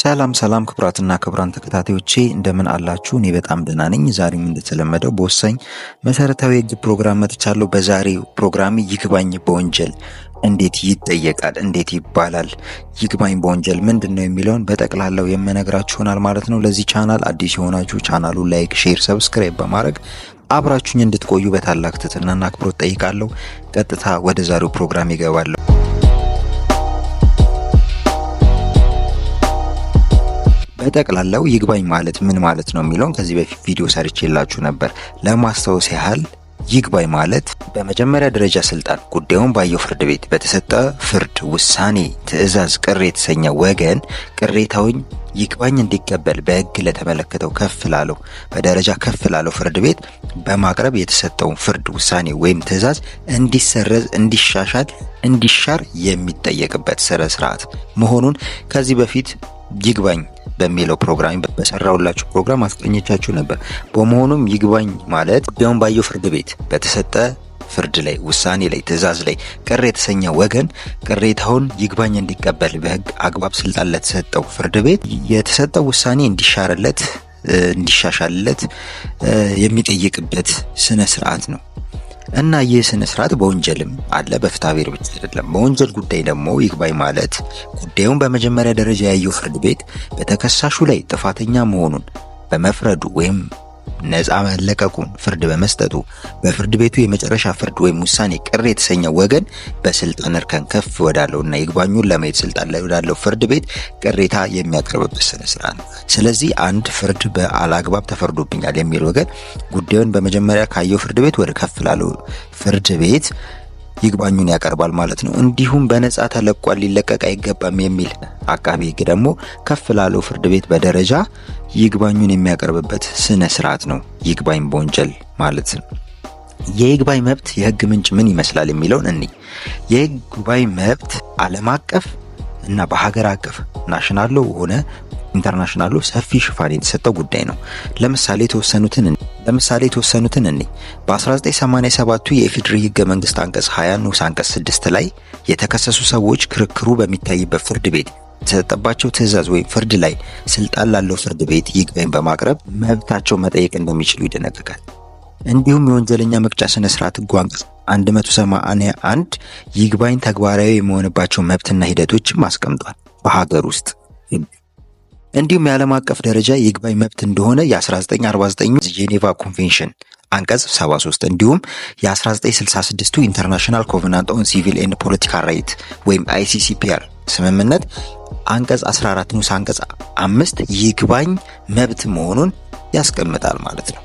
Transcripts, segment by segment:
ሰላም ሰላም ክቡራትና ክቡራን ተከታታዮቼ እንደምን አላችሁ? እኔ በጣም ደህና ነኝ። ዛሬም እንደተለመደው በወሳኝ መሰረታዊ የህግ ፕሮግራም መጥቻለሁ። በዛሬው ፕሮግራም ይግባኝ በወንጀል እንዴት ይጠየቃል? እንዴት ይባላል? ይግባኝ በወንጀል ምንድን ነው የሚለውን በጠቅላላው የምነግራችሁ ይሆናል ማለት ነው። ለዚህ ቻናል አዲስ የሆናችሁ ቻናሉ ላይክ፣ ሼር፣ ሰብስክራይብ በማድረግ አብራችሁኝ እንድትቆዩ በታላቅ ትህትናና አክብሮት ጠይቃለሁ። ቀጥታ ወደ ዛሬው ፕሮግራም ይገባለሁ። በጠቅላላው ይግባኝ ማለት ምን ማለት ነው የሚለውን ከዚህ በፊት ቪዲዮ ሰርቼ ነበር። ለማስታወስ ያህል ይግባኝ ማለት በመጀመሪያ ደረጃ ስልጣን ጉዳዩን ባየው ፍርድ ቤት በተሰጠ ፍርድ፣ ውሳኔ፣ ትዕዛዝ ቅር የተሰኘ ወገን ቅሬታውን ይግባኝ እንዲቀበል በሕግ ለተመለከተው ከፍ ላለው በደረጃ ከፍ ላለው ፍርድ ቤት በማቅረብ የተሰጠውን ፍርድ፣ ውሳኔ ወይም ትዕዛዝ እንዲሰረዝ፣ እንዲሻሻል፣ እንዲሻር የሚጠየቅበት ስነ ስርዓት መሆኑን ከዚህ በፊት ይግባኝ በሚለው ፕሮግራም በሰራውላችሁ ፕሮግራም አስቀኝቻችሁ ነበር። በመሆኑም ይግባኝ ማለት ጉዳዩን ባየው ፍርድ ቤት በተሰጠ ፍርድ ላይ ውሳኔ ላይ ትዕዛዝ ላይ ቅር የተሰኘ ወገን ቅሬታውን ይግባኝ እንዲቀበል በህግ አግባብ ስልጣን ለተሰጠው ፍርድ ቤት የተሰጠው ውሳኔ እንዲሻርለት እንዲሻሻልለት የሚጠይቅበት ስነ ስርዓት ነው። እና ይህ ስነ ስርዓት በወንጀልም አለ በፍትሐ ብሔር ብቻ አይደለም። በወንጀል ጉዳይ ደግሞ ይግባኝ ማለት ጉዳዩን በመጀመሪያ ደረጃ ያየው ፍርድ ቤት በተከሳሹ ላይ ጥፋተኛ መሆኑን በመፍረዱ ወይም ነፃ መለቀቁን ፍርድ በመስጠቱ በፍርድ ቤቱ የመጨረሻ ፍርድ ወይም ውሳኔ ቅር የተሰኘው ወገን በስልጣን እርከን ከፍ እና ይግባኙን ለመሄድ ስልጣን ላይ ወዳለው ፍርድ ቤት ቅሬታ የሚያቀርብበት ስነ ስርዓት ነው። ስለዚህ አንድ ፍርድ በአላግባብ ተፈርዶብኛል የሚል ወገን ጉዳዩን በመጀመሪያ ካየው ፍርድ ቤት ወደ ከፍ ላለው ፍርድ ቤት ይግባኙን ያቀርባል ማለት ነው። እንዲሁም በነጻ ተለቋል ሊለቀቅ አይገባም የሚል አቃቤ ሕግ ደግሞ ከፍ ላለው ፍርድ ቤት በደረጃ ይግባኙን የሚያቀርብበት ስነ ስርዓት ነው ይግባኝ በወንጀል ማለት ነው። የይግባኝ መብት የህግ ምንጭ ምን ይመስላል የሚለውን እኒ የይግባኝ መብት ዓለም አቀፍ እና በሀገር አቀፍ ናሽናል ሎው ሆነ ኢንተርናሽናሉ ሰፊ ሽፋን የተሰጠው ጉዳይ ነው። ለምሳሌ የተወሰኑትን ለምሳሌ የተወሰኑትን እኔ በ1987ቱ የኢፌዴሪ ህገ መንግስት አንቀጽ 20 ንዑስ አንቀጽ 6 ላይ የተከሰሱ ሰዎች ክርክሩ በሚታይበት ፍርድ ቤት የተሰጠባቸው ትዕዛዝ ወይም ፍርድ ላይ ስልጣን ላለው ፍርድ ቤት ይግባኝ በማቅረብ መብታቸው መጠየቅ እንደሚችሉ ይደነግጋል። እንዲሁም የወንጀለኛ መቅጫ ስነ ስርዓት ህጉ አንቀጽ 181 ይግባኝ ተግባራዊ የሚሆንባቸው መብትና ሂደቶችም አስቀምጧል። በሀገር ውስጥ እንዲሁም የዓለም አቀፍ ደረጃ የይግባኝ መብት እንደሆነ የ1949 ጄኔቫ ኮንቬንሽን አንቀጽ 73 እንዲሁም የ1966ቱ ኢንተርናሽናል ኮቨናንት ኦን ሲቪል ኤንድ ፖለቲካል ራይት ወይም አይሲሲፒአር ስምምነት አንቀጽ 14 ንዑስ አንቀጽ አምስት ይግባኝ መብት መሆኑን ያስቀምጣል ማለት ነው።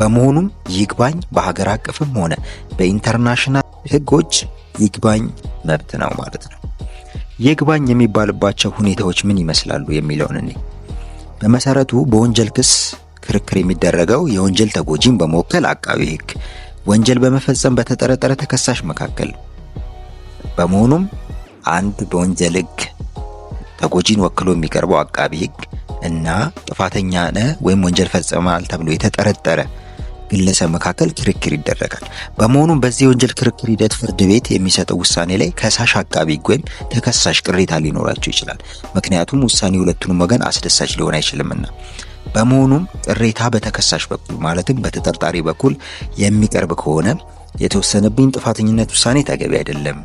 በመሆኑም ይግባኝ በሀገር አቀፍም ሆነ በኢንተርናሽናል ሕጎች ይግባኝ መብት ነው ማለት ነው። ይግባኝ የሚባልባቸው ሁኔታዎች ምን ይመስላሉ የሚለውን እኔ በመሰረቱ በወንጀል ክስ ክርክር የሚደረገው የወንጀል ተጎጂን በመወከል አቃቢ ሕግ ወንጀል በመፈጸም በተጠረጠረ ተከሳሽ መካከል በመሆኑም አንድ በወንጀል ሕግ ተጎጂን ወክሎ የሚቀርበው አቃቢ ሕግ እና ጥፋተኛ ነ ወይም ወንጀል ፈጽመሃል ተብሎ የተጠረጠረ ግለሰብ መካከል ክርክር ይደረጋል። በመሆኑም በዚህ የወንጀል ክርክር ሂደት ፍርድ ቤት የሚሰጠው ውሳኔ ላይ ከሳሽ አቃቢ ሕግ ወይም ተከሳሽ ቅሬታ ሊኖራቸው ይችላል። ምክንያቱም ውሳኔ ሁለቱንም ወገን አስደሳች ሊሆን አይችልምና። በመሆኑም ቅሬታ በተከሳሽ በኩል ማለትም በተጠርጣሪ በኩል የሚቀርብ ከሆነ የተወሰነብኝ ጥፋተኝነት ውሳኔ ተገቢ አይደለም፣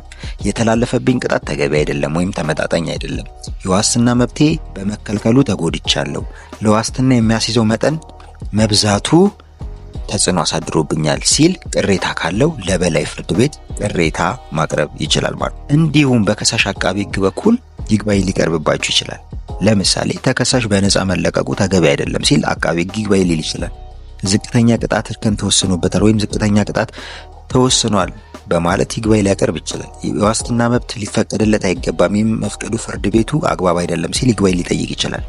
የተላለፈብኝ ቅጣት ተገቢ አይደለም ወይም ተመጣጣኝ አይደለም፣ የዋስትና መብቴ በመከልከሉ ተጎድቻለሁ፣ ለዋስትና የሚያስይዘው መጠን መብዛቱ ተጽዕኖ አሳድሮብኛል ሲል ቅሬታ ካለው ለበላይ ፍርድ ቤት ቅሬታ ማቅረብ ይችላል ማለት ነው። እንዲሁም በከሳሽ አቃቢ ህግ በኩል ይግባኝ ሊቀርብባቸው ይችላል። ለምሳሌ ተከሳሽ በነፃ መለቀቁ ተገቢ አይደለም ሲል አቃቢ ህግ ይግባኝ ሊል ይችላል። ዝቅተኛ ቅጣት እርከን ተወስኖበታል ወይም ዝቅተኛ ቅጣት ተወስኗል በማለት ይግባኝ ሊያቀርብ ይችላል። የዋስትና መብት ሊፈቀድለት አይገባም፣ ይህም መፍቀዱ ፍርድ ቤቱ አግባብ አይደለም ሲል ይግባኝ ሊጠይቅ ይችላል።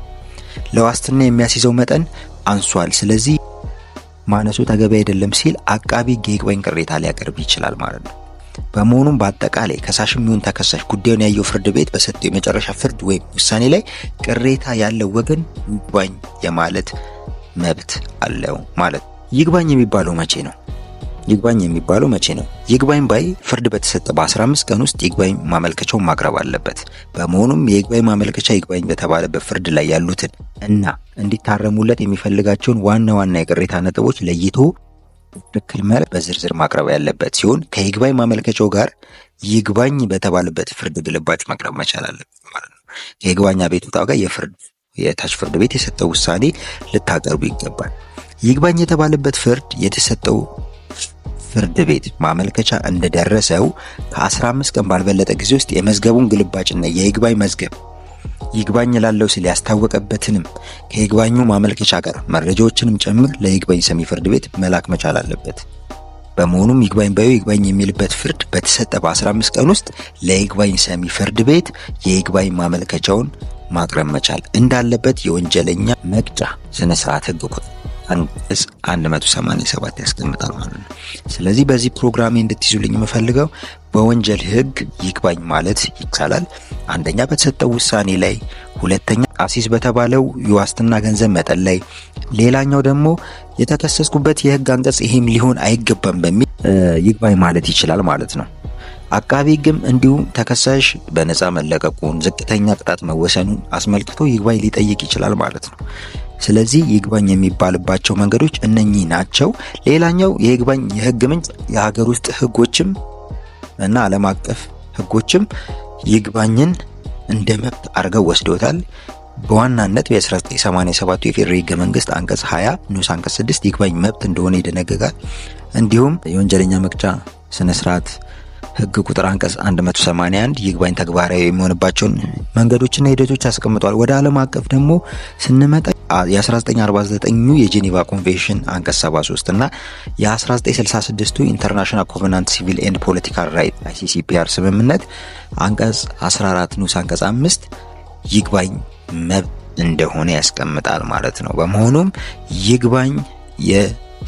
ለዋስትና የሚያስይዘው መጠን አንሷል፣ ስለዚህ ማነሱ ተገቢ አይደለም ሲል አቃቢ ጌቅወይን ቅሬታ ሊያቀርብ ይችላል ማለት ነው። በመሆኑም በአጠቃላይ ከሳሽም ይሁን ተከሳሽ ጉዳዩን ያየው ፍርድ ቤት በሰጠው የመጨረሻ ፍርድ ወይም ውሳኔ ላይ ቅሬታ ያለው ወገን ይግባኝ የማለት መብት አለው ማለት ይግባኝ የሚባለው መቼ ነው? ይግባኝ የሚባለው መቼ ነው? ይግባኝ ባይ ፍርድ በተሰጠ በ15 ቀን ውስጥ ይግባኝ ማመልከቻው ማቅረብ አለበት። በመሆኑም የይግባኝ ማመልከቻ ይግባኝ በተባለበት ፍርድ ላይ ያሉትን እና እንዲታረሙለት የሚፈልጋቸውን ዋና ዋና የቅሬታ ነጥቦች ለይቶ ትክክል መልስ በዝርዝር ማቅረብ ያለበት ሲሆን ከይግባኝ ማመልከቻው ጋር ይግባኝ በተባለበት ፍርድ ግልባጭ ማቅረብ መቻል አለበት ማለት ነው። ከይግባኝ አቤቱታ ጋር የፍርድ የታች ፍርድ ቤት የሰጠው ውሳኔ ልታቀርቡ ይገባል። ይግባኝ የተባለበት ፍርድ የተሰጠው ፍርድ ቤት ማመልከቻ እንደደረሰው ከ15 ቀን ባልበለጠ ጊዜ ውስጥ የመዝገቡን ግልባጭና የይግባኝ መዝገብ ይግባኝ ላለው ሲል ያስታወቀበትንም ከይግባኙ ማመልከቻ ጋር መረጃዎችንም ጨምር ለይግባኝ ሰሚ ፍርድ ቤት መላክ መቻል አለበት። በመሆኑም ይግባኝ ባዩ ይግባኝ የሚልበት ፍርድ በተሰጠ በ15 ቀን ውስጥ ለይግባኝ ሰሚ ፍርድ ቤት የይግባኝ ማመልከቻውን ማቅረብ መቻል እንዳለበት የወንጀለኛ መቅጫ ስነ ስርዓት ህግ ቁጥር እጽ 187 ያስቀምጣል ማለት ነው። ስለዚህ በዚህ ፕሮግራሜ እንድትይዙልኝ የምፈልገው በወንጀል ህግ ይግባኝ ማለት ይቻላል። አንደኛ በተሰጠው ውሳኔ ላይ፣ ሁለተኛ አሲስ በተባለው የዋስትና ገንዘብ መጠን ላይ፣ ሌላኛው ደግሞ የተከሰስኩበት የህግ አንቀጽ ይሄም ሊሆን አይገባም በሚል ይግባኝ ማለት ይችላል ማለት ነው። አቃቢ ሕግም እንዲሁም ተከሳሽ በነፃ መለቀቁን፣ ዝቅተኛ ቅጣት መወሰኑን አስመልክቶ ይግባኝ ሊጠይቅ ይችላል ማለት ነው። ስለዚህ ይግባኝ የሚባልባቸው መንገዶች እነኚህ ናቸው። ሌላኛው የይግባኝ የህግ ምንጭ የሀገር ውስጥ ህጎችም እና ዓለም አቀፍ ህጎችም ይግባኝን እንደ መብት አድርገው ወስደውታል። በዋናነት በ1987 የፌዴራል ህገ መንግስት አንቀጽ 20 ንዑስ አንቀጽ 6 ይግባኝ መብት እንደሆነ ይደነግጋል። እንዲሁም የወንጀለኛ መቅጫ ስነስርዓት ህግ ቁጥር አንቀጽ 181 ይግባኝ ተግባራዊ የሚሆንባቸውን መንገዶችና ሂደቶች አስቀምጧል። ወደ ዓለም አቀፍ ደግሞ ስንመጣ የ1949ኙ የጄኔቫ ኮንቬንሽን አንቀጽ 73 እና የ1966ቱ ኢንተርናሽናል ኮቨናንት ሲቪል ኤንድ ፖለቲካል ራይት አይሲሲፒአር ስምምነት አንቀጽ 14 ንዑስ አንቀጽ 5 ይግባኝ መብት እንደሆነ ያስቀምጣል ማለት ነው። በመሆኑም ይግባኝ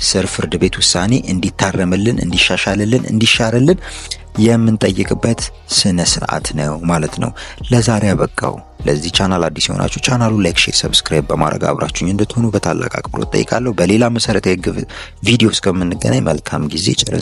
ስር ፍርድ ቤት ውሳኔ እንዲታረምልን፣ እንዲሻሻልልን፣ እንዲሻርልን የምንጠይቅበት ስነ ስርዓት ነው ማለት ነው። ለዛሬ ያበቃው። ለዚህ ቻናል አዲስ የሆናችሁ ቻናሉ ላይክ፣ ሼር፣ ሰብስክራይብ በማድረግ አብራችሁኝ እንድትሆኑ በታላቅ አክብሮት ጠይቃለሁ። በሌላ መሰረታዊ ቪዲዮ እስከምንገናኝ መልካም ጊዜ፣ ቸር